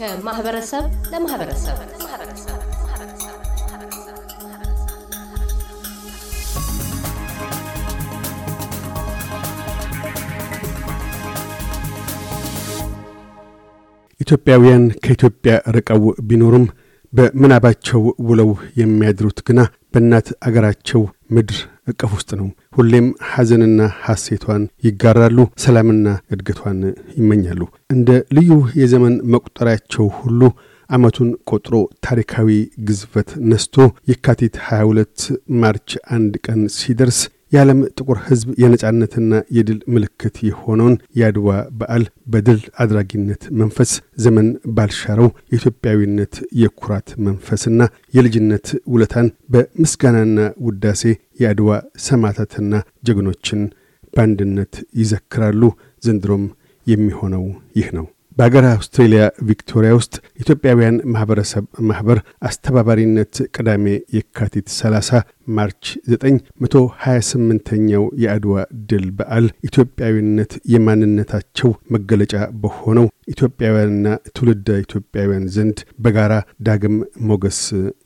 ከማህበረሰብ ለማህበረሰብ ኢትዮጵያውያን ከኢትዮጵያ ርቀው ቢኖሩም በምናባቸው ውለው የሚያድሩት ግና በእናት አገራቸው ምድር እቅፍ ውስጥ ነው። ሁሌም ሐዘንና ሐሴቷን ይጋራሉ፣ ሰላምና እድገቷን ይመኛሉ። እንደ ልዩ የዘመን መቁጠሪያቸው ሁሉ ዓመቱን ቆጥሮ ታሪካዊ ግዝፈት ነስቶ የካቲት 22 ማርች አንድ ቀን ሲደርስ የዓለም ጥቁር ህዝብ የነጻነትና የድል ምልክት የሆነውን የአድዋ በዓል በድል አድራጊነት መንፈስ ዘመን ባልሻረው የኢትዮጵያዊነት የኩራት መንፈስና የልጅነት ውለታን በምስጋናና ውዳሴ የአድዋ ሰማዕታትና ጀግኖችን በአንድነት ይዘክራሉ። ዘንድሮም የሚሆነው ይህ ነው። በሀገር አውስትሬልያ ቪክቶሪያ ውስጥ ኢትዮጵያውያን ማኅበረሰብ ማኅበር አስተባባሪነት ቅዳሜ የካቲት 30 ማርች 9 128ኛው የአድዋ ድል በዓል ኢትዮጵያዊነት የማንነታቸው መገለጫ በሆነው ኢትዮጵያውያንና ትውልደ ኢትዮጵያውያን ዘንድ በጋራ ዳግም ሞገስ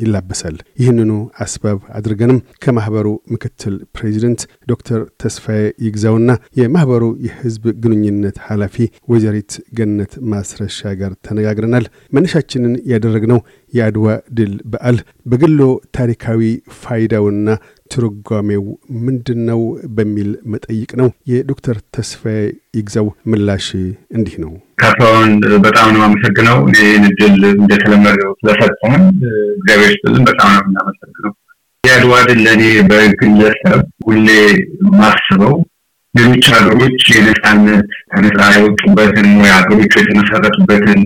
ይላበሳል። ይህንኑ አስባብ አድርገንም ከማኅበሩ ምክትል ፕሬዚደንት ዶክተር ተስፋዬ ይግዛውና የማኅበሩ የህዝብ ግንኙነት ኃላፊ ወይዘሪት ገነት ማስረሻ ጋር ተነጋግረናል። መነሻችንን ያደረግነው የአድዋ ድል በዓል በግሎ ታሪካዊ ፋይዳውና ትርጓሜው ምንድን ነው በሚል መጠይቅ ነው። የዶክተር ተስፋዬ ይግዛው ምላሽ እንዲህ ነው። ካሳሁን በጣም ነው አመሰግነው። ይህን እድል እንደተለመደው ስለሰጠን እግዚአብሔር ይስጥልን። በጣም ነው የምናመሰግነው። የአድዋ ድል ለእኔ በግለሰብ ሁሌ ማስበው ሌሎች ሀገሮች የነፃነት ተነጻ የወጡበትን ወይ ሀገሮቹ የተመሰረቱበትን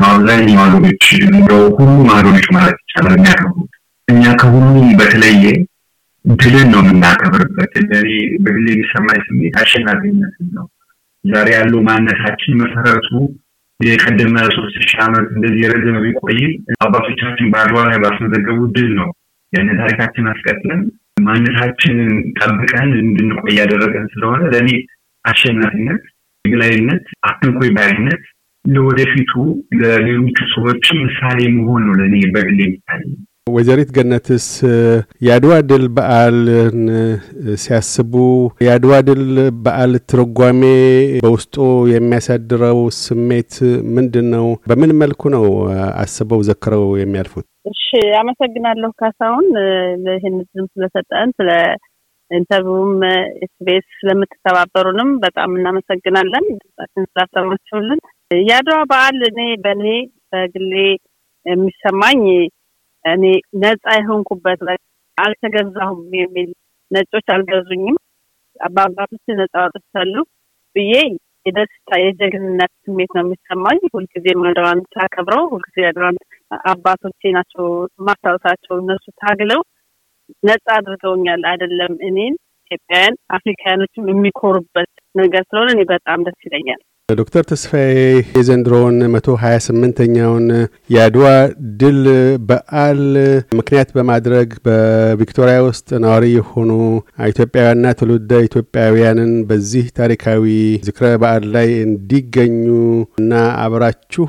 በአብዛኛው ሀገሮች እንደው ሁሉም ሀገሮች ማለት ይቻላል የሚያከብሩት። እኛ ከሁሉም በተለየ ድልን ነው የምናከብርበት። ለእኔ በግሌ የሚሰማኝ ስሜት አሸናፊነትን ነው። ዛሬ ያለው ማንነታችን መሰረቱ የቀደመ ሶስት ሺህ ዓመት እንደዚህ የረዘመ ቢቆይም አባቶቻችን በአድዋ ላይ ባስመዘገቡ ድል ነው ያን ታሪካችን አስቀጥለን ማንነታችንን ጠብቀን እንድንቆይ ያደረገን ስለሆነ ለእኔ አሸናፊነት፣ ግላይነት፣ አትንኮይ ባይነት ለወደፊቱ ለሌሎቹ ሰዎች ምሳሌ መሆን ነው ለእኔ በግሌ ምሳሌ ወይዘሪት ገነትስ የአድዋ ድል በዓልን ሲያስቡ የአድዋ ድል በዓል ትርጓሜ በውስጡ የሚያሳድረው ስሜት ምንድን ነው? በምን መልኩ ነው አስበው ዘክረው የሚያልፉት? እሺ፣ አመሰግናለሁ ካሳሁን ይህን ድም ስለሰጠን ስለ ኢንተርቪውም ኤስቤስ ስለምትተባበሩንም በጣም እናመሰግናለን። ስላሰባችሁልን። የአድዋ በዓል እኔ በእኔ በግሌ የሚሰማኝ እኔ ነጻ የሆንኩበት አልተገዛሁም የሚል ነጮች አልገዙኝም፣ አባባቶች ነጻ ወጥቻለሁ ብዬ የደስታ የጀግንነት ስሜት ነው የሚሰማኝ። ሁልጊዜ አድዋን ታከብረው ሁልጊዜ አድዋን አባቶቼ ናቸው ማስታወሳቸው። እነሱ ታግለው ነጻ አድርገውኛል አይደለም እኔን ኢትዮጵያውያን አፍሪካውያኖችም የሚኮሩበት ነገር ስለሆነ እኔ በጣም ደስ ይለኛል። ዶክተር ተስፋዬ የዘንድሮውን መቶ ሀያ ስምንተኛውን የአድዋ ድል በዓል ምክንያት በማድረግ በቪክቶሪያ ውስጥ ነዋሪ የሆኑ ኢትዮጵያውያንና ትውልደ ኢትዮጵያውያንን በዚህ ታሪካዊ ዝክረ በዓል ላይ እንዲገኙ እና አብራችሁ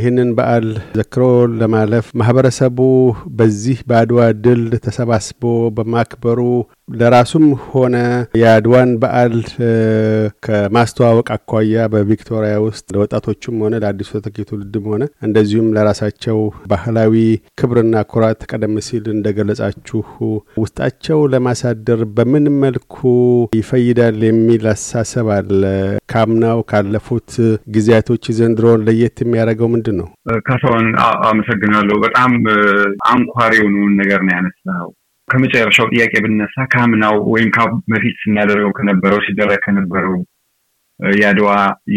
ይህንን በዓል ዘክሮ ለማለፍ ማህበረሰቡ በዚህ በአድዋ ድል ተሰባስቦ በማክበሩ ለራሱም ሆነ የአድዋን በዓል ከማስተዋወቅ አኳያ በቪክቶሪያ ውስጥ ለወጣቶቹም ሆነ ለአዲሱ ተተኪ ትውልድም ሆነ እንደዚሁም ለራሳቸው ባህላዊ ክብርና ኩራት ቀደም ሲል እንደገለጻችሁ ውስጣቸው ለማሳደር በምን መልኩ ይፈይዳል የሚል አሳሰብ አለ። ካምናው ካለፉት ጊዜያቶች ዘንድሮን ለየት የሚያደርገው ምንድን ነው? ካሳሁን አመሰግናለሁ። በጣም አንኳር የሆነውን ነገር ነው ያነሳው። ከመጨረሻው ጥያቄ ብነሳ ከአምናው ወይም በፊት ስናደርገው ከነበረው ሲደረግ ከነበረው የአድዋ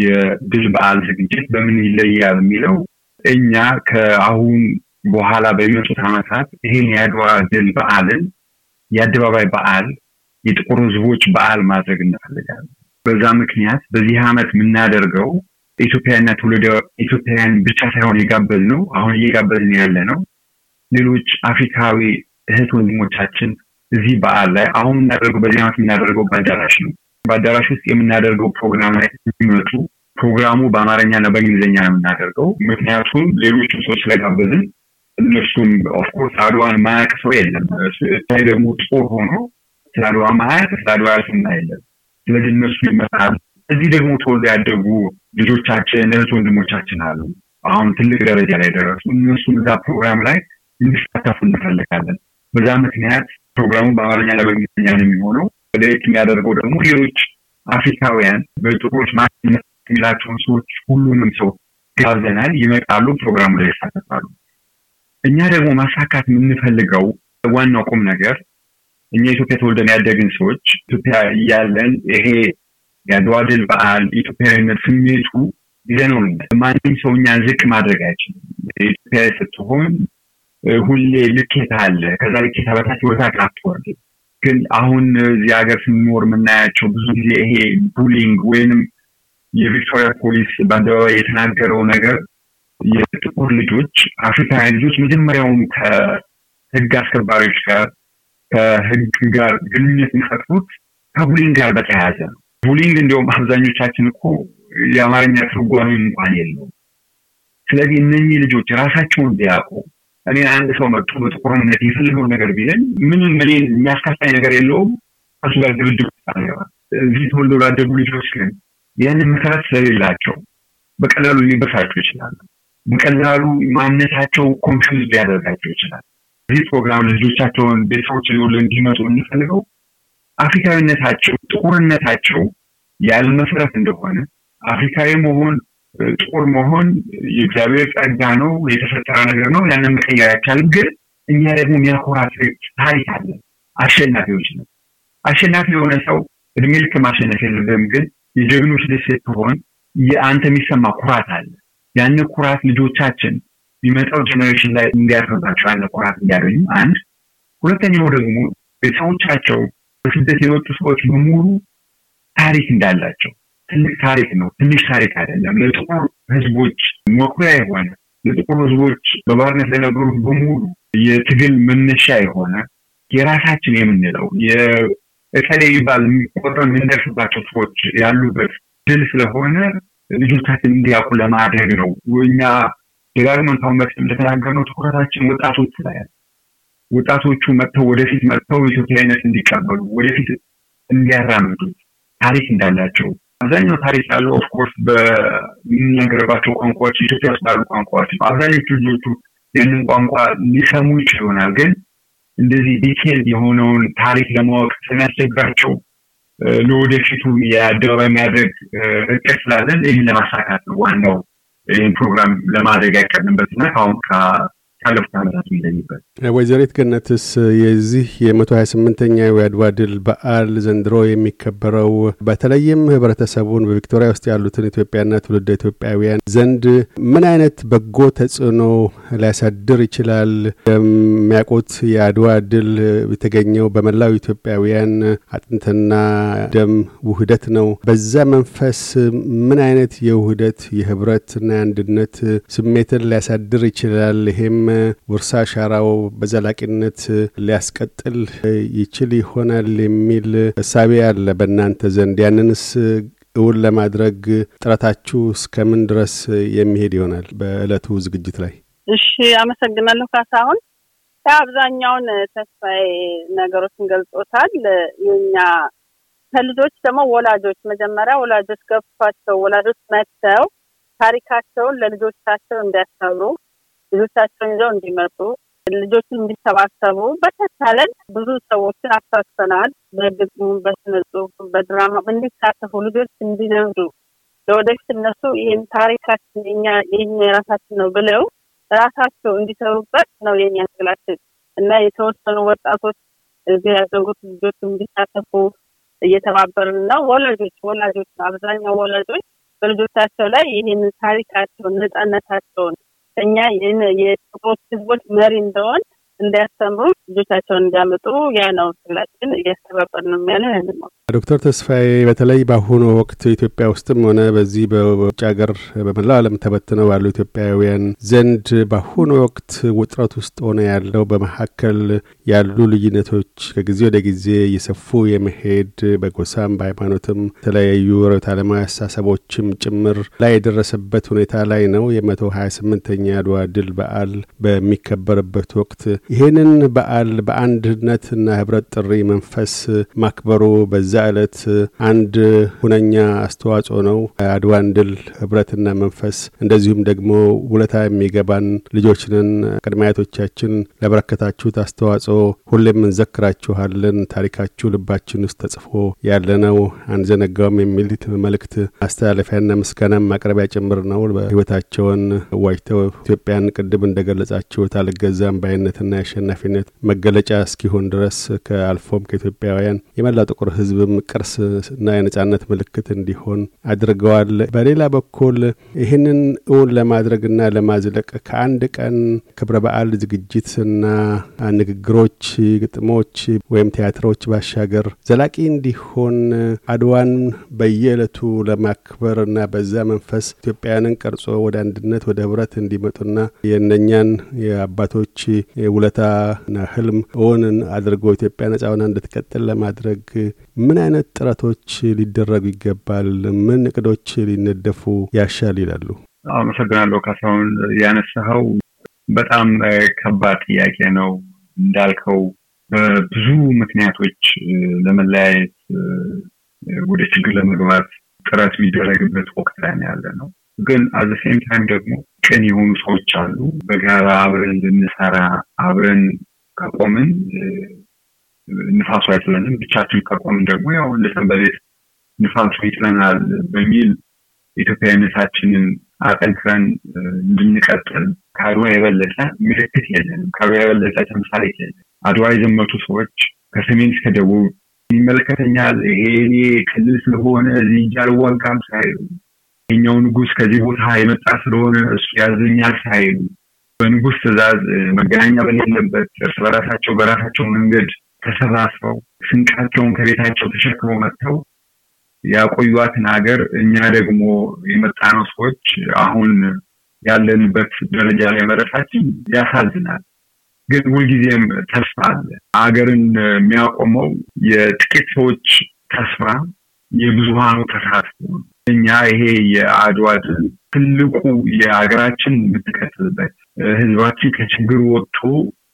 የድል በዓል ዝግጅት በምን ይለያል የሚለው እኛ ከአሁን በኋላ በሚመጡት ዓመታት ይህን የአድዋ ድል በዓልን የአደባባይ በዓል የጥቁር ህዝቦች በዓል ማድረግ እንፈልጋለን። በዛ ምክንያት በዚህ ዓመት የምናደርገው ኢትዮጵያና ትውልደ ኢትዮጵያውያን ብቻ ሳይሆን የጋበዝ ነው አሁን እየጋበዝን ያለ ነው ሌሎች አፍሪካዊ እህት ወንድሞቻችን እዚህ በዓል ላይ አሁን የምናደርገው በዚህ ዓመት የምናደርገው በአዳራሽ ነው። በአዳራሽ ውስጥ የምናደርገው ፕሮግራም ላይ የሚመጡ ፕሮግራሙ በአማርኛ እና በእንግሊዝኛ ነው የምናደርገው። ምክንያቱም ሌሎቹ ሰዎች ስለጋበዝን እነሱም ኦፍኮርስ አድዋን ማያቅ ሰው የለም። እታይ ደግሞ ጦር ሆኖ ስለ አድዋ ማያቅ ስለ አድዋ ያልስና የለም። ስለዚህ እነሱ ይመጣል። እዚህ ደግሞ ተወልደው ያደጉ ልጆቻችን እህት ወንድሞቻችን አሉ፣ አሁን ትልቅ ደረጃ ላይ ደረሱ። እነሱም እዛ ፕሮግራም ላይ እንዲሳተፉ እንፈልጋለን። በዛ ምክንያት ፕሮግራሙ በአማርኛ እና በእንግሊዝኛ ነው የሚሆነው። ለየት የሚያደርገው ደግሞ ሌሎች አፍሪካውያን በጥቁሮች ማንነት የሚላቸውን ሰዎች ሁሉንም ሰው ጋብዘናል። ይመጣሉ፣ ፕሮግራሙ ላይ ይሳተፋሉ። እኛ ደግሞ ማሳካት የምንፈልገው ዋናው ቁም ነገር እኛ ኢትዮጵያ ተወልደን ያደግን ሰዎች ኢትዮጵያ እያለን ይሄ የአድዋ ድል በዓል ኢትዮጵያዊነት ስሜቱ ይዘነው ማንም ሰው እኛን ዝቅ ማድረግ አይችልም። ኢትዮጵያ ስትሆን ሁሌ ልኬታ አለ። ከዛ ልኬታ በታች ወታ ቃትወር ግን አሁን እዚህ ሀገር ስንኖር የምናያቸው ብዙ ጊዜ ይሄ ቡሊንግ ወይንም የቪክቶሪያ ፖሊስ በአደባባይ የተናገረው ነገር የጥቁር ልጆች አፍሪካውያን ልጆች መጀመሪያውም ከህግ አስከባሪዎች ጋር ከህግ ጋር ግንኙነት የሚፈጥሩት ከቡሊንግ ጋር በተያያዘ ነው። ቡሊንግ እንዲሁም አብዛኞቻችን እኮ የአማርኛ ትርጓሜ እንኳን የለውም። ስለዚህ እነኚህ ልጆች ራሳቸውን ቢያውቁ እኔ አንድ ሰው መጡ በጥቁርነት የፈለገውን ነገር ቢለኝ ምንም እኔ የሚያስከፋኝ ነገር የለውም። እሱ ጋር ድብድብ እዚህ ተወልደው ላደጉ ልጆች ግን ያንን መሰረት ስለሌላቸው በቀላሉ ሊበሳቸው ይችላሉ። በቀላሉ ማንነታቸው ኮንፊዝ ሊያደርጋቸው ይችላል። እዚህ ፕሮግራም ልጆቻቸውን ቤተሰቦች ሊወሉ እንዲመጡ የምንፈልገው አፍሪካዊነታቸው ጥቁርነታቸው ያለ መሰረት እንደሆነ አፍሪካዊ መሆን ጥቁር መሆን የእግዚአብሔር ጸጋ ነው፣ የተፈጠረ ነገር ነው። ያንን መቀየር አይቻልም። ግን እኛ ደግሞ የሚያኮራ ታሪክ አለ። አሸናፊዎች ነው። አሸናፊ የሆነ ሰው እድሜ ልክ ማሸነፍ የለብም። ግን የጀግኖች ልጅ ስትሆን የአንተ የሚሰማ ኩራት አለ። ያን ኩራት ልጆቻችን የሚመጣው ጀኔሬሽን ላይ እንዲያርባቸው ያለ ኩራት እንዲያገኙ አንድ። ሁለተኛው ደግሞ ቤተሰቦቻቸው በስደት የወጡ ሰዎች በሙሉ ታሪክ እንዳላቸው ትልቅ ታሪክ ነው። ትንሽ ታሪክ አይደለም። ለጥቁር ህዝቦች መኩሪያ የሆነ ለጥቁር ህዝቦች በባርነት ለነበሩት በሙሉ የትግል መነሻ የሆነ የራሳችን የምንለው የተለይ ይባል የሚቆጠር የምንደርስባቸው ሰዎች ያሉበት ድል ስለሆነ ልጆቻችን እንዲያውቁ ለማድረግ ነው። እኛ ደጋግመን ካሁን በፊት እንደተናገርነው ትኩረታችን ወጣቶች ላይ ወጣቶቹ መጥተው ወደፊት መጥተው ኢትዮጵያዊነት እንዲቀበሉ ወደፊት እንዲያራምዱ ታሪክ እንዳላቸው አብዛኛው ታሪክ ያለው ኦፍኮርስ በሚነገርባቸው ቋንቋዎች ኢትዮጵያ ውስጥ ያሉ ቋንቋዎች አብዛኞቹ ልጆቹ ይህንን ቋንቋ ሊሰሙ ይችል ይሆናል፣ ግን እንደዚህ ዲቴል የሆነውን ታሪክ ለማወቅ ስለሚያስቸግራቸው ለወደፊቱ የአደባባይ የሚያደርግ እቅድ ስላለን ይህን ለማሳካት ነው ዋናው ይህን ፕሮግራም ለማድረግ ያቀድንበት እና ከአሁን ባለፉት ዓመታት ወይዘሪት ገነትስ የዚህ የመቶ ሀያ የአድዋ ድል በዓል ዘንድሮ የሚከበረው በተለይም ህብረተሰቡን በቪክቶሪያ ውስጥ ያሉትን ኢትዮጵያና ትውልደ ኢትዮጵያውያን ዘንድ ምን አይነት በጎ ተጽዕኖ ሊያሳድር ይችላል? የሚያውቁት የአድዋ ድል የተገኘው በመላው ኢትዮጵያውያን አጥንትና ደም ውህደት ነው። በዛ መንፈስ ምን አይነት የውህደት የህብረትና የአንድነት ስሜትን ሊያሳድር ይችላል? ይሄም ውርሳ አሻራው በዘላቂነት ሊያስቀጥል ይችል ይሆናል የሚል እሳቤ አለ በእናንተ ዘንድ። ያንንስ እውን ለማድረግ ጥረታችሁ እስከምን ድረስ የሚሄድ ይሆናል? በዕለቱ ዝግጅት ላይ። እሺ፣ አመሰግናለሁ ካሳሁን። አብዛኛውን ተስፋዬ ነገሮችን ገልጾታል። የኛ ከልጆች ደግሞ ወላጆች መጀመሪያ ወላጆች ገብቷቸው ወላጆች መጥተው ታሪካቸውን ለልጆቻቸው እንዲያስተምሩ ልጆቻቸውን ይዘው እንዲመጡ ልጆችን እንዲሰባሰቡ በተቻለን ብዙ ሰዎችን አሳስተናል። በግጥሙ፣ በስነ ጽሁፍ፣ በድራማ እንዲሳተፉ ልጆች እንዲነዱ ለወደፊት እነሱ ይህን ታሪካችን የኛ የራሳችን ነው ብለው ራሳቸው እንዲሰሩበት ነው የኛ ትግላችን እና የተወሰኑ ወጣቶች እዚህ ያደጉት ልጆች እንዲሳተፉ እየተባበርን ነው። ወላጆች ወላጆች አብዛኛው ወላጆች በልጆቻቸው ላይ ይህንን ታሪካቸውን ነጻነታቸውን ከፍተኛ የህዝቦች መሪ እንደሆን እንዲያስተምሩ ልጆቻቸውን እንዲያመጡ ያ ነው ስላችን እያስተባበርን ነው ያለ ዶክተር ተስፋዬ በተለይ በአሁኑ ወቅት ኢትዮጵያ ውስጥም ሆነ በዚህ በውጭ ሀገር በመላው ዓለም ተበትነው ባሉ ኢትዮጵያውያን ዘንድ በአሁኑ ወቅት ውጥረት ውስጥ ሆነ ያለው በመካከል ያሉ ልዩነቶች ከጊዜ ወደ ጊዜ እየሰፉ የመሄድ በጎሳም በሃይማኖትም የተለያዩ ረት ዓለማዊ አስተሳሰቦችም ጭምር ላይ የደረሰበት ሁኔታ ላይ ነው። የመቶ ሀያ ስምንተኛ አድዋ ድል በዓል በሚከበርበት ወቅት ይህንን በዓል በአንድነትና ህብረት ጥሪ መንፈስ ማክበሩ በዛ ዕለት አንድ ሁነኛ አስተዋጽኦ ነው። አድዋን ድል ህብረትና መንፈስ እንደዚሁም ደግሞ ውለታ የሚገባን ልጆችንን ቅድመ ለበረከታችሁት አስተዋጽኦ ሁሌም እንዘክራችኋለን። ታሪካችሁ ልባችን ውስጥ ተጽፎ ያለ ነው፣ አንዘነጋውም የሚል መልእክት ማስተላለፊያና ምስጋናም ማቅረቢያ ጭምር ነው። በህይወታቸውን ዋጅተው ኢትዮጵያን ቅድም እንደገለጻችሁት አልገዛም ባይነትና የአሸናፊነት መገለጫ እስኪሆን ድረስ ከአልፎም ከኢትዮጵያውያን የመላ ጥቁር ሕዝብም ና የነጻነት ምልክት እንዲሆን አድርገዋል። በሌላ በኩል ይህንን እውን ለማድረግና ለማዝለቅ ከአንድ ቀን ክብረ በዓል ዝግጅትና ንግግሮች፣ ግጥሞች ወይም ቲያትሮች ባሻገር ዘላቂ እንዲሆን አድዋን በየዕለቱ ለማክበርና በዛ መንፈስ ኢትዮጵያውያንን ቀርጾ ወደ አንድነት ወደ ህብረት እንዲመጡና የእነኛን የአባቶች ውለ ውለታና ህልም እውን አድርጎ ኢትዮጵያ ነጻ ሆና እንድትቀጥል ለማድረግ ምን አይነት ጥረቶች ሊደረጉ ይገባል? ምን እቅዶች ሊነደፉ ያሻል ይላሉ? አመሰግናለሁ ካሳሁን። ያነሳኸው በጣም ከባድ ጥያቄ ነው። እንዳልከው በብዙ ምክንያቶች ለመለያየት ወደ ችግር ለመግባት ጥረት የሚደረግበት ወቅት ላይ ያለ ነው። ግን አዘ ሴም ታይም ደግሞ ቅን የሆኑ ሰዎች አሉ። በጋራ አብረን ብንሰራ አብረን ከቆምን ንፋሱ አይጥለንም። ብቻችን ከቆምን ደግሞ ያው እንደ ሰንበሌጥ ንፋሱ ይጥለናል በሚል ኢትዮጵያዊነታችንን አጠንክረን እንድንቀጥል ከአድዋ የበለጠ ምልክት የለንም። ከአድዋ የበለጠ ተምሳሌ የለንም። አድዋ የዘመቱ ሰዎች ከሰሜን እስከ ደቡብ ይመለከተኛል፣ ይሄ ክልል ስለሆነ እዚህ እጅ አልዋጋም ሳይሉ ይኛው ንጉስ ከዚህ ቦታ የመጣ ስለሆነ እሱ ያዘኛል ሳይሉ በንጉስ ትእዛዝ መገናኛ በሌለበት እርስ በራሳቸው በራሳቸው መንገድ ተሰባስበው ስንቃቸውን ከቤታቸው ተሸክመው መጥተው ያቆዩትን ሀገር እኛ ደግሞ የመጣነው ሰዎች አሁን ያለንበት ደረጃ ላይ መረሳችን ያሳዝናል። ግን ሁልጊዜም ተስፋ አለ። አገርን የሚያቆመው የጥቂት ሰዎች ተስፋ፣ የብዙሃኑ ተሳትፎ ነው። እኛ ይሄ የአድዋ ትልቁ የሀገራችን የምትቀጥልበት ህዝባችን ከችግር ወጥቶ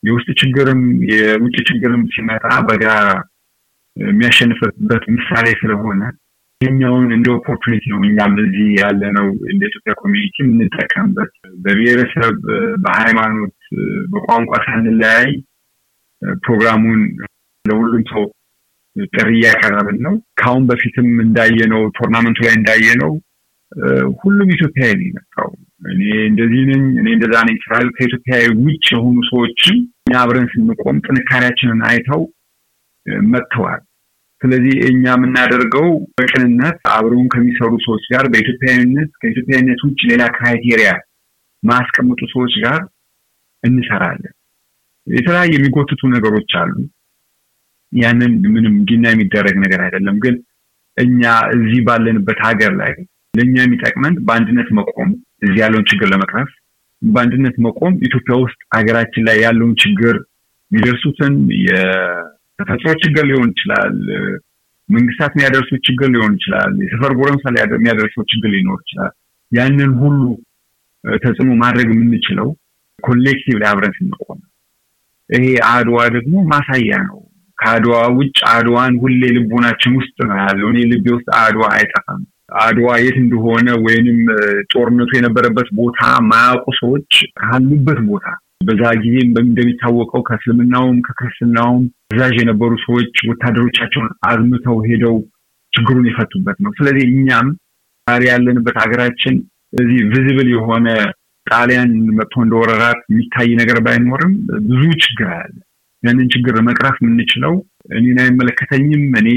የውስጥ ችግርም የውጭ ችግርም ሲመጣ በጋራ የሚያሸንፍበት ምሳሌ ስለሆነ ይህኛውን እንደ ኦፖርቹኒቲ ነው እኛም እዚህ ያለነው እንደ ኢትዮጵያ ኮሚኒቲ የምንጠቀምበት በብሔረሰብ፣ በሃይማኖት፣ በቋንቋ ሳንለያይ ፕሮግራሙን ለሁሉም ሰው ጥሪ እያቀረብን ነው። ከአሁን በፊትም እንዳየነው ቶርናመንቱ ላይ እንዳየነው ሁሉም ኢትዮጵያዊ ነው የመጣው። እኔ እንደዚህ ነኝ፣ እኔ እንደዛ ነኝ ስላሉ ከኢትዮጵያዊ ውጭ የሆኑ ሰዎችም እኛ አብረን ስንቆም ጥንካሬያችንን አይተው መጥተዋል። ስለዚህ እኛ የምናደርገው በቅንነት አብረውን ከሚሰሩ ሰዎች ጋር በኢትዮጵያዊነት ከኢትዮጵያዊነት ውጭ ሌላ ክራይቴሪያ ማስቀምጡ ሰዎች ጋር እንሰራለን። የተለያዩ የሚጎትቱ ነገሮች አሉ። ያንን ምንም ጊና የሚደረግ ነገር አይደለም። ግን እኛ እዚህ ባለንበት ሀገር ላይ ለእኛ የሚጠቅመን በአንድነት መቆም፣ እዚህ ያለውን ችግር ለመቅረፍ በአንድነት መቆም፣ ኢትዮጵያ ውስጥ ሀገራችን ላይ ያለውን ችግር የሚደርሱትን የተፈጥሮ ችግር ሊሆን ይችላል፣ መንግስታት የሚያደርሱ ችግር ሊሆን ይችላል፣ የሰፈር ጎረምሳ የሚያደርሰው ችግር ሊኖር ይችላል። ያንን ሁሉ ተጽዕኖ ማድረግ የምንችለው ኮሌክቲቭ ላይ አብረን ስንቆም። ይሄ አድዋ ደግሞ ማሳያ ነው። ከአድዋ ውጭ አድዋን ሁሌ ልቦናችን ውስጥ ነው ያለው። እኔ ልቤ ውስጥ አድዋ አይጠፋም። አድዋ የት እንደሆነ ወይንም ጦርነቱ የነበረበት ቦታ ማያውቁ ሰዎች ካሉበት ቦታ በዛ ጊዜ እንደሚታወቀው ከእስልምናውም ከክርስትናውም ዛዥ የነበሩ ሰዎች ወታደሮቻቸውን አዝምተው ሄደው ችግሩን የፈቱበት ነው። ስለዚህ እኛም ዛሬ ያለንበት ሀገራችን እዚህ ቪዚብል የሆነ ጣሊያን መጥቶ እንደወረራት የሚታይ ነገር ባይኖርም ብዙ ችግር አለ። ያንን ችግር መቅረፍ የምንችለው እኔን አይመለከተኝም እኔ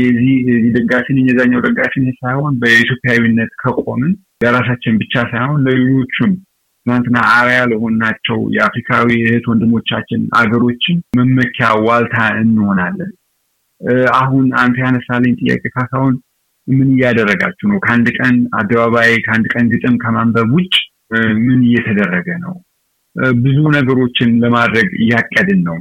እዚህ ደጋፊ ነኝ የዛኛው ደጋፊ ነኝ ሳይሆን በኢትዮጵያዊነት ከቆምን ለራሳችን ብቻ ሳይሆን ለሌሎቹም ትናንትና አርያ ለሆናቸው የአፍሪካዊ እህት ወንድሞቻችን አገሮችን መመኪያ ዋልታ እንሆናለን። አሁን አንተ ያነሳለኝ ጥያቄ ካሳሁን፣ ምን እያደረጋችሁ ነው? ከአንድ ቀን አደባባይ ከአንድ ቀን ግጥም ከማንበብ ውጭ ምን እየተደረገ ነው? ብዙ ነገሮችን ለማድረግ እያቀድን ነው።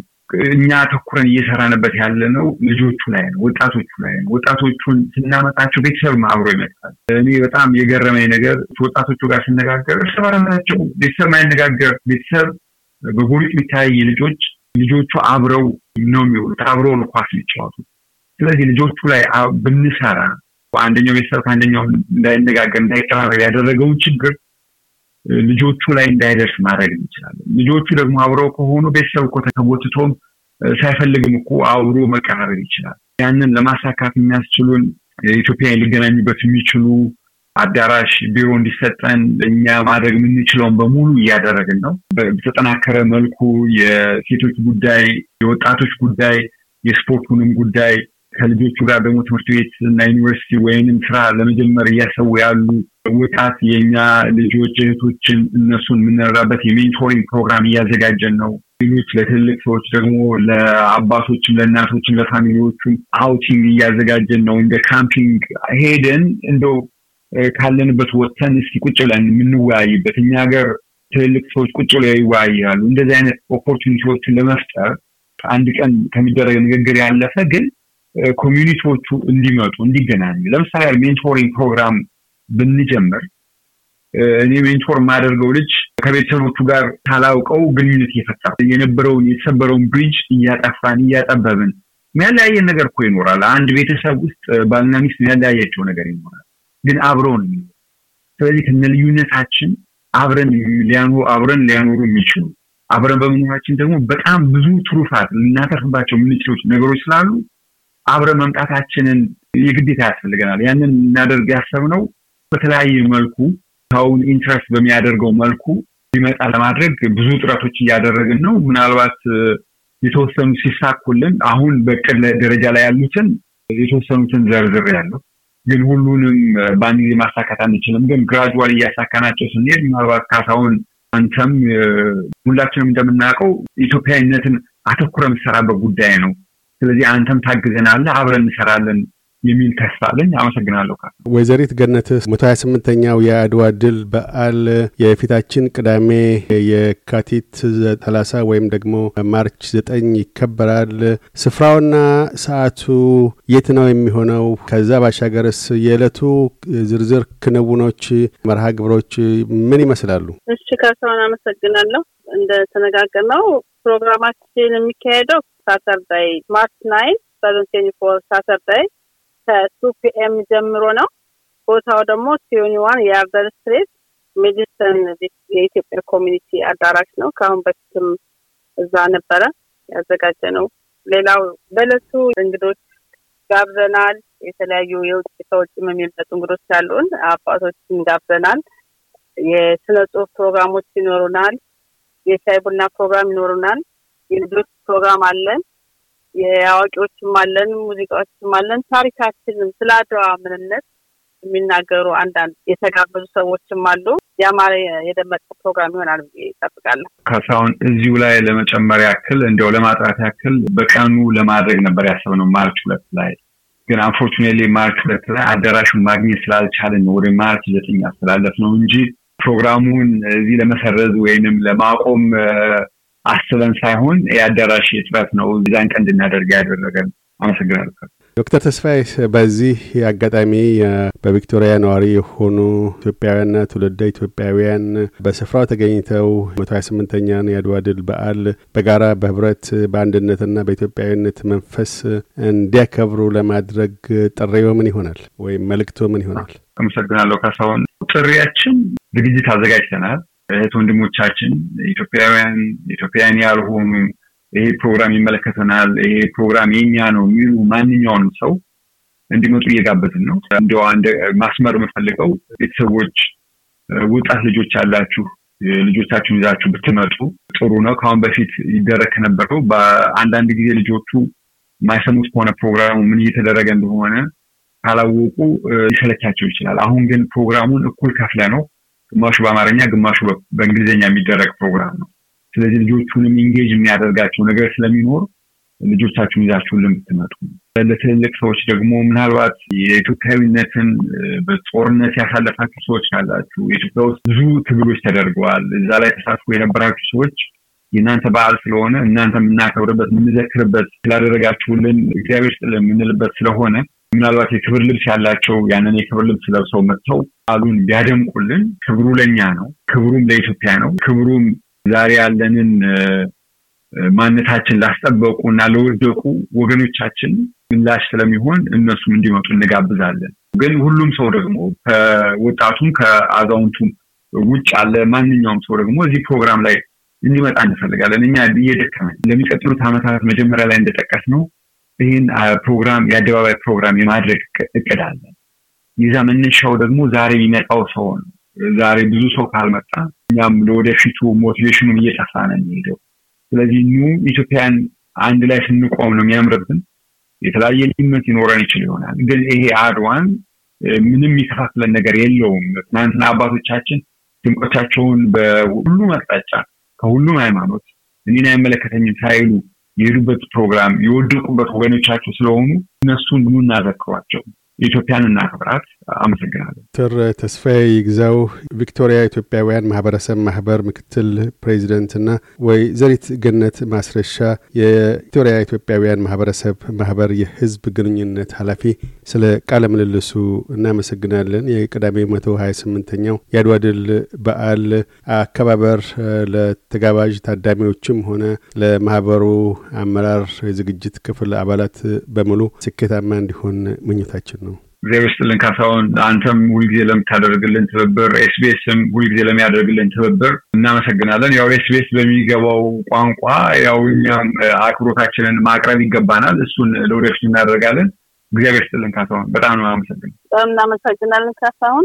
እኛ ተኩረን እየሰራንበት ያለ ነው ልጆቹ ላይ ነው፣ ወጣቶቹ ላይ ነው። ወጣቶቹን ስናመጣቸው ቤተሰብ አብሮ ይመጣል። እኔ በጣም የገረመኝ ነገር ወጣቶቹ ጋር ስነጋገር እርስ በረመናቸው ቤተሰብ ማይነጋገር ቤተሰብ በጎሪጥ የሚታይ ልጆች ልጆቹ አብረው ነው የሚውሉት፣ አብረው ልኳስ ኳስ ስለዚህ ልጆቹ ላይ ብንሰራ አንደኛው ቤተሰብ ከአንደኛው እንዳይነጋገር እንዳይቀራረብ ያደረገውን ችግር ልጆቹ ላይ እንዳይደርስ ማድረግ እንችላለን። ልጆቹ ደግሞ አብረው ከሆኑ ቤተሰብ እኮ ተከቦትቶም ሳይፈልግም እኮ አብሮ መቀራረብ ይችላል። ያንን ለማሳካት የሚያስችሉን የኢትዮጵያ ሊገናኙበት የሚችሉ አዳራሽ፣ ቢሮ እንዲሰጠን እኛ ማድረግ የምንችለውን በሙሉ እያደረግን ነው። በተጠናከረ መልኩ የሴቶች ጉዳይ፣ የወጣቶች ጉዳይ፣ የስፖርቱንም ጉዳይ ከልጆቹ ጋር ደግሞ ትምህርት ቤት እና ዩኒቨርሲቲ ወይንም ስራ ለመጀመር እያሰቡ ያሉ ወጣት የኛ ልጆች እህቶችን እነሱን የምንረዳበት የሜንቶሪንግ ፕሮግራም እያዘጋጀን ነው። ሌሎች ለትልቅ ሰዎች ደግሞ ለአባቶችም፣ ለእናቶችም፣ ለፋሚሊዎቹም አውቲንግ እያዘጋጀን ነው። እንደ ካምፒንግ ሄደን እንደው ካለንበት ወጥተን እስኪ ቁጭ ብለን የምንወያይበት እኛ ሀገር ትልልቅ ሰዎች ቁጭ ብለው ይወያያሉ። እንደዚህ አይነት ኦፖርቹኒቲዎችን ለመፍጠር አንድ ቀን ከሚደረግ ንግግር ያለፈ ግን ኮሚዩኒቲዎቹ እንዲመጡ እንዲገናኙ። ለምሳሌ ሜንቶሪንግ ፕሮግራም ብንጀምር እኔ ሜንቶር የማደርገው ልጅ ከቤተሰቦቹ ጋር ታላውቀው ግንኙነት እየፈጠረ የነበረውን የተሰበረውን ብሪጅ እያጠፋን እያጠበብን የሚያለያየን ነገር እኮ ይኖራል። አንድ ቤተሰብ ውስጥ ባልና ሚስት የሚያለያያቸው ነገር ይኖራል፣ ግን አብረውን ስለዚህ ከነልዩነታችን አብረን ሊያኖሩ አብረን ሊያኖሩ የሚችሉ አብረን በመኖራችን ደግሞ በጣም ብዙ ትሩፋት ልናተርፍባቸው የምንችሎች ነገሮች ስላሉ አብረ መምጣታችንን የግዴታ ያስፈልገናል። ያንን እናደርግ ያሰብነው በተለያየ መልኩ ሰውን ኢንትረስት በሚያደርገው መልኩ ሊመጣ ለማድረግ ብዙ ጥረቶች እያደረግን ነው። ምናልባት የተወሰኑ ሲሳኩልን አሁን በቅድ ደረጃ ላይ ያሉትን የተወሰኑትን ዘርዝር ያለው ግን ሁሉንም በአንድ ጊዜ ማሳካት አንችልም። ግን ግራጅዋል እያሳካናቸው ስንሄድ ምናልባት ካሳሁን አንተም ሁላችንም እንደምናውቀው ኢትዮጵያዊነትን አተኩረ የምሰራበት ጉዳይ ነው። ስለዚህ አንተም ታግዘናለ አብረን እንሰራለን የሚል ተስፋ አለኝ። አመሰግናለሁ። ካ ወይዘሪት ገነት መቶ ሀያ ስምንተኛው የአድዋ ድል በዓል የፊታችን ቅዳሜ የካቲት ሰላሳ ወይም ደግሞ ማርች ዘጠኝ ይከበራል። ስፍራውና ሰዓቱ የት ነው የሚሆነው? ከዛ ባሻገርስ የዕለቱ ዝርዝር ክንውኖች፣ መርሃ ግብሮች ምን ይመስላሉ? እሺ፣ ካሳሁን አመሰግናለሁ። እንደተነጋገርነው ፕሮግራማችን የሚካሄደው ሳተርዳይ ማርች ናይን ሰቨንቴኒ ፎር ሳተርዳይ ከቱ ፒኤም ጀምሮ ነው። ቦታው ደግሞ ሲዮኒዋን የአርደር ስትሬት ሜዲሰን የኢትዮጵያ ኮሚኒቲ አዳራሽ ነው። ከአሁን በፊትም እዛ ነበረ ያዘጋጀ ነው። ሌላው በለቱ እንግዶች ጋብዘናል። የተለያዩ የውጭ ከውጭም የሚመጡ እንግዶች ያሉን አባቶችን ጋብዘናል። የስነ ጽሁፍ ፕሮግራሞች ይኖሩናል። የሻይ ቡና ፕሮግራም ይኖሩናል። የልጆች ፕሮግራም አለን፣ የአዋቂዎችም አለን፣ ሙዚቃዎችም አለን። ታሪካችንም ስለ አድዋ ምንነት የሚናገሩ አንዳንድ የተጋበዙ ሰዎችም አሉ። ያማረ የደመቀ ፕሮግራም ይሆናል ብዬ ይጠብቃለሁ። ካሳሁን፣ እዚሁ ላይ ለመጨመር ያክል እንዲያው ለማጥራት ያክል በቀኑ ለማድረግ ነበር ያሰብነው ማርች ሁለት ላይ ግን አንፎርቹኔትሊ ማርች ሁለት ላይ አዳራሹን ማግኘት ስላልቻለን ወደ ማርች ዘጠኝ ያስተላለፍ ነው እንጂ ፕሮግራሙን እዚህ ለመሰረዝ ወይንም ለማቆም አስበን ሳይሆን የአዳራሽ የጥረት ነው ዛን ቀን እንድናደርግ ያደረገን። አመሰግናለሁ። ዶክተር ተስፋዬ በዚህ አጋጣሚ በቪክቶሪያ ነዋሪ የሆኑ ኢትዮጵያውያንና ትውልደ ኢትዮጵያውያን በስፍራው ተገኝተው መቶ ሀያ ስምንተኛን የአድዋ ድል በዓል በጋራ በህብረት በአንድነትና በኢትዮጵያዊነት መንፈስ እንዲያከብሩ ለማድረግ ጥሪው ምን ይሆናል ወይም መልእክቶ ምን ይሆናል? አመሰግናለሁ ካሳሁን። ጥሪያችን ዝግጅት አዘጋጅተናል። እህት ወንድሞቻችን ኢትዮጵያውያን፣ ኢትዮጵያውያን ያልሆኑ ይሄ ፕሮግራም ይመለከተናል፣ ይሄ ፕሮግራም የኛ ነው የሚሉ ማንኛውንም ሰው እንዲመጡ እየጋበዝን ነው። እንደ ማስመር የምፈልገው ቤተሰቦች ወጣት ልጆች አላችሁ ልጆቻችሁን ይዛችሁ ብትመጡ ጥሩ ነው። ከአሁን በፊት ይደረግ ከነበረው በአንዳንድ ጊዜ ልጆቹ ማይሰሙት ከሆነ ፕሮግራሙ ምን እየተደረገ እንደሆነ ካላወቁ ሊሰለቻቸው ይችላል። አሁን ግን ፕሮግራሙን እኩል ከፍለ ነው ግማሹ በአማርኛ ግማሹ በእንግሊዝኛ የሚደረግ ፕሮግራም ነው። ስለዚህ ልጆቹንም ኢንጌጅ የሚያደርጋቸው ነገር ስለሚኖር ልጆቻችሁን ይዛችሁን ለምትመጡ ለትልልቅ ሰዎች ደግሞ ምናልባት የኢትዮጵያዊነትን በጦርነት ያሳለፋችሁ ሰዎች ካላችሁ የኢትዮጵያ ውስጥ ብዙ ትግሎች ተደርገዋል። እዛ ላይ ተሳትፎ የነበራችሁ ሰዎች የእናንተ በዓል ስለሆነ እናንተ የምናከብርበት የምንዘክርበት ስላደረጋችሁልን እግዚአብሔር ስጥ የምንልበት ስለሆነ ምናልባት የክብር ልብስ ያላቸው ያንን የክብር ልብስ ለብሰው መጥተው ቃሉን ቢያደምቁልን፣ ክብሩ ለኛ ነው፣ ክብሩም ለኢትዮጵያ ነው። ክብሩም ዛሬ ያለንን ማንነታችን ላስጠበቁ እና ለወደቁ ወገኖቻችን ምላሽ ስለሚሆን እነሱም እንዲመጡ እንጋብዛለን። ግን ሁሉም ሰው ደግሞ ከወጣቱም ከአዛውንቱም ውጭ አለ ማንኛውም ሰው ደግሞ እዚህ ፕሮግራም ላይ እንዲመጣ እንፈልጋለን። እኛ እየደከመን ለሚቀጥሉት ዓመታት መጀመሪያ ላይ እንደጠቀስ ነው ይህን ፕሮግራም የአደባባይ ፕሮግራም የማድረግ እቅድ አለ። የዛ መነሻው ደግሞ ዛሬ የሚመጣው ሰው ነው። ዛሬ ብዙ ሰው ካልመጣ እኛም ለወደፊቱ ሞቲቬሽኑን እየጠፋ ነው የሚሄደው። ስለዚህ ኑ ኢትዮጵያን አንድ ላይ ስንቆም ነው የሚያምርብን። የተለያየ ልዩነት ይኖረን ይችል ይሆናል፣ ግን ይሄ አድዋን ምንም የሚከፋፍለን ነገር የለውም። ትናንትና አባቶቻችን ድምፆቻቸውን በሁሉም አቅጣጫ ከሁሉም ሃይማኖት እኔን አይመለከተኝም ሳይሉ የሄዱበት ፕሮግራም የወደቁበት ወገኖቻቸው ስለሆኑ እነሱን እናዘክሯቸው? የኢትዮጵያን እናክብራት፣ አመሰግናለሁ። ትር ተስፋዬ ይግዛው ቪክቶሪያ ኢትዮጵያውያን ማህበረሰብ ማህበር ምክትል ወይ ዘሪት ገነት ማስረሻ የቪክቶሪያ ኢትዮጵያውያን ማህበረሰብ ማህበር የህዝብ ግንኙነት ኃላፊ ስለ ቃለ ምልልሱ እናመሰግናለን። የቅዳሜ መቶ ሀያ ስምንተኛው የአድዋ ድል በዓል አከባበር ለተጋባዥ ታዳሚዎችም ሆነ ለማህበሩ አመራር የዝግጅት ክፍል አባላት በሙሉ ስኬታማ እንዲሆን ምኞታችን ነው። እግዚአብሔር ይስጥልን ካሳሁን፣ አንተም ሁልጊዜ ለምታደርግልን ትብብር፣ ኤስቢኤስም ሁልጊዜ ለሚያደርግልን ትብብር እናመሰግናለን። ያው ኤስቢኤስ በሚገባው ቋንቋ ያው እኛም አክብሮታችንን ማቅረብ ይገባናል። እሱን ለወደፊት እናደርጋለን። እግዚአብሔር ይስጥልን ካሳሁን፣ በጣም ነው አመሰግን በጣም እናመሰግናለን ካሳሁን።